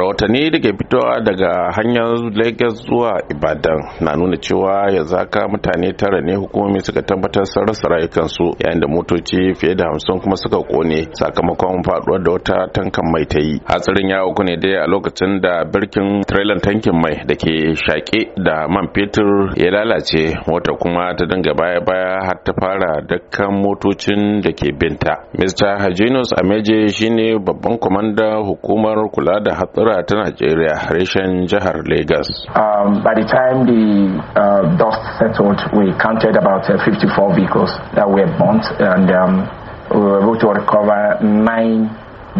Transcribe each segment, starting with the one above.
rahotanni da ke fitowa daga hanyar lagos zuwa ibadan na nuna cewa ya zaka mutane tara ne hukumomi suka tabbatar sun rasa rayukansu yayin da motoci fiye da hamsin kuma suka kone sakamakon faduwar da wata tankan mai ta yi hatsarin ya uku ne dai a lokacin da birkin trailer tankin mai da ke shaƙe da man fetur ya lalace wata kuma ta dinga baya baya har ta fara dukkan motocin da ke binta mr hajinus ameje shine babban kwamandan hukumar kula da hatsar. ta Najeriya reshen jihar Lagos. Um, by the time the uh, dust settled, we counted about uh, 54 vehicles that were burnt and um, we were able to recover nine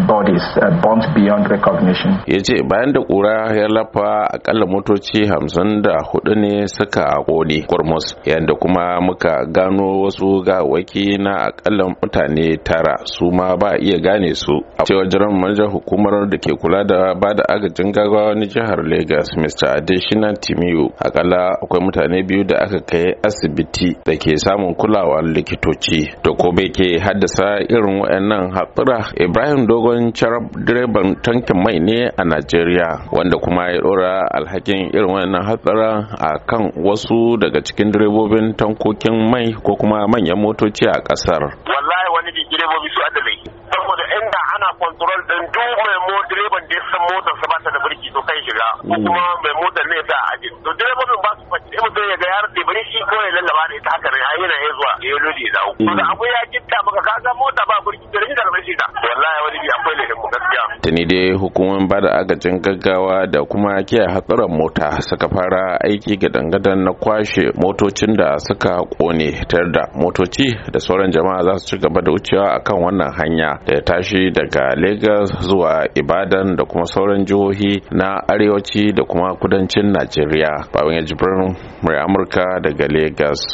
bodies uh, burnt beyond recognition. Ya ce bayan da kura ya lafa akalla motoci hamsin da hudu ne suka kone kurmus yadda kuma muka gano wasu waki na akalla mutane tara su ma ba iya gane su. A cewar jiran manajan hukumar da ke kula da ba da agajin gaggawa na jihar Lagos Mr. Adesina Timiyu akalla akwai mutane biyu da aka kai asibiti da ke samun kulawar likitoci. To ko bai ke haddasa irin waɗannan hatsura Ibrahim Dogo tsohon direban tankin mai ne a najeriya wanda kuma ya dora alhakin irin wannan hatsara a kan wasu daga cikin direbobin tankokin mai ko kuma manyan motoci a kasar wallahi wani direbobi su adalai saboda inda ana kontrol din duk mai mo direban da ya san motar sa ba ta da birki to kai shiga ko mm. kuma mai motar ne ta aje to direbobin ba su sai mutum ya ga yar da bari shi ko ya lallaba ne ta haka ne har yana ya zuwa ya lodi da uku. Daga abu ya kinta maka ka ga mota ba burki da rin da bashi da wallahi wani bi akwai ne. tuni dai hukumomin ba da agajin gaggawa da kuma kiyaye hatsarin mota suka fara aiki ga dangadan na kwashe motocin da suka kone tare da motoci da sauran jama'a za su ci gaba da wucewa akan wannan hanya da ya tashi daga lagos zuwa ibadan da kuma sauran jihohi na arewaci da kuma kudancin najeriya babban ya jibrin mai amurka daga lagos